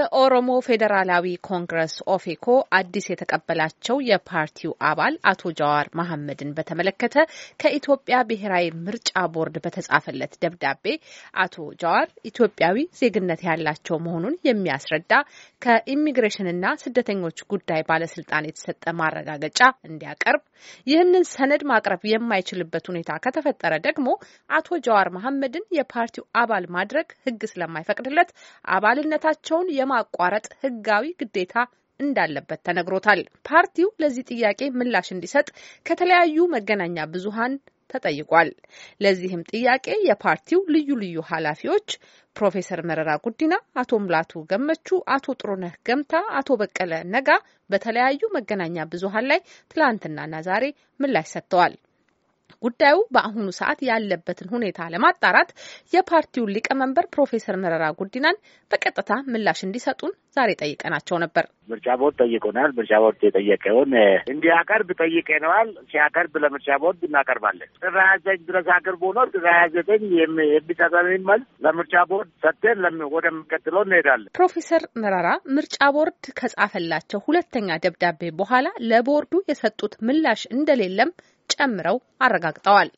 የኦሮሞ ፌዴራላዊ ኮንግረስ ኦፌኮ አዲስ የተቀበላቸው የፓርቲው አባል አቶ ጃዋር መሐመድን በተመለከተ ከኢትዮጵያ ብሔራዊ ምርጫ ቦርድ በተጻፈለት ደብዳቤ አቶ ጃዋር ኢትዮጵያዊ ዜግነት ያላቸው መሆኑን የሚያስረዳ ከኢሚግሬሽንና ስደተኞች ጉዳይ ባለስልጣን የተሰጠ ማረጋገጫ እንዲያቀርብ፣ ይህንን ሰነድ ማቅረብ የማይችልበት ሁኔታ ከተፈጠረ ደግሞ አቶ ጃዋር መሐመድን የፓርቲው አባል ማድረግ ሕግ ስለማይፈቅድለት አባልነታቸውን ያለማቋረጥ ህጋዊ ግዴታ እንዳለበት ተነግሮታል። ፓርቲው ለዚህ ጥያቄ ምላሽ እንዲሰጥ ከተለያዩ መገናኛ ብዙሃን ተጠይቋል። ለዚህም ጥያቄ የፓርቲው ልዩ ልዩ ኃላፊዎች ፕሮፌሰር መረራ ጉዲና፣ አቶ ሙላቱ ገመቹ፣ አቶ ጥሩነህ ገምታ፣ አቶ በቀለ ነጋ በተለያዩ መገናኛ ብዙሃን ላይ ትላንትናና ዛሬ ምላሽ ሰጥተዋል። ጉዳዩ በአሁኑ ሰዓት ያለበትን ሁኔታ ለማጣራት የፓርቲውን ሊቀመንበር ፕሮፌሰር መረራ ጉዲናን በቀጥታ ምላሽ እንዲሰጡን ዛሬ ጠይቀናቸው ነበር። ምርጫ ቦርድ ጠይቆናል። ምርጫ ቦርድ የጠየቀውን እንዲያቀርብ ጠይቀነዋል። ሲያቀርብ ለምርጫ ቦርድ እናቀርባለን። ጥር ሀያ ዘጠኝ ድረስ አቅርቦ ነው። ጥር ሀያ ዘጠኝ የሚሰጠንን መልስ ለምርጫ ቦርድ ሰጥተን ወደሚቀጥለው እንሄዳለን። ፕሮፌሰር መረራ ምርጫ ቦርድ ከጻፈላቸው ሁለተኛ ደብዳቤ በኋላ ለቦርዱ የሰጡት ምላሽ እንደሌለም ጨምረው አረጋግጠዋል።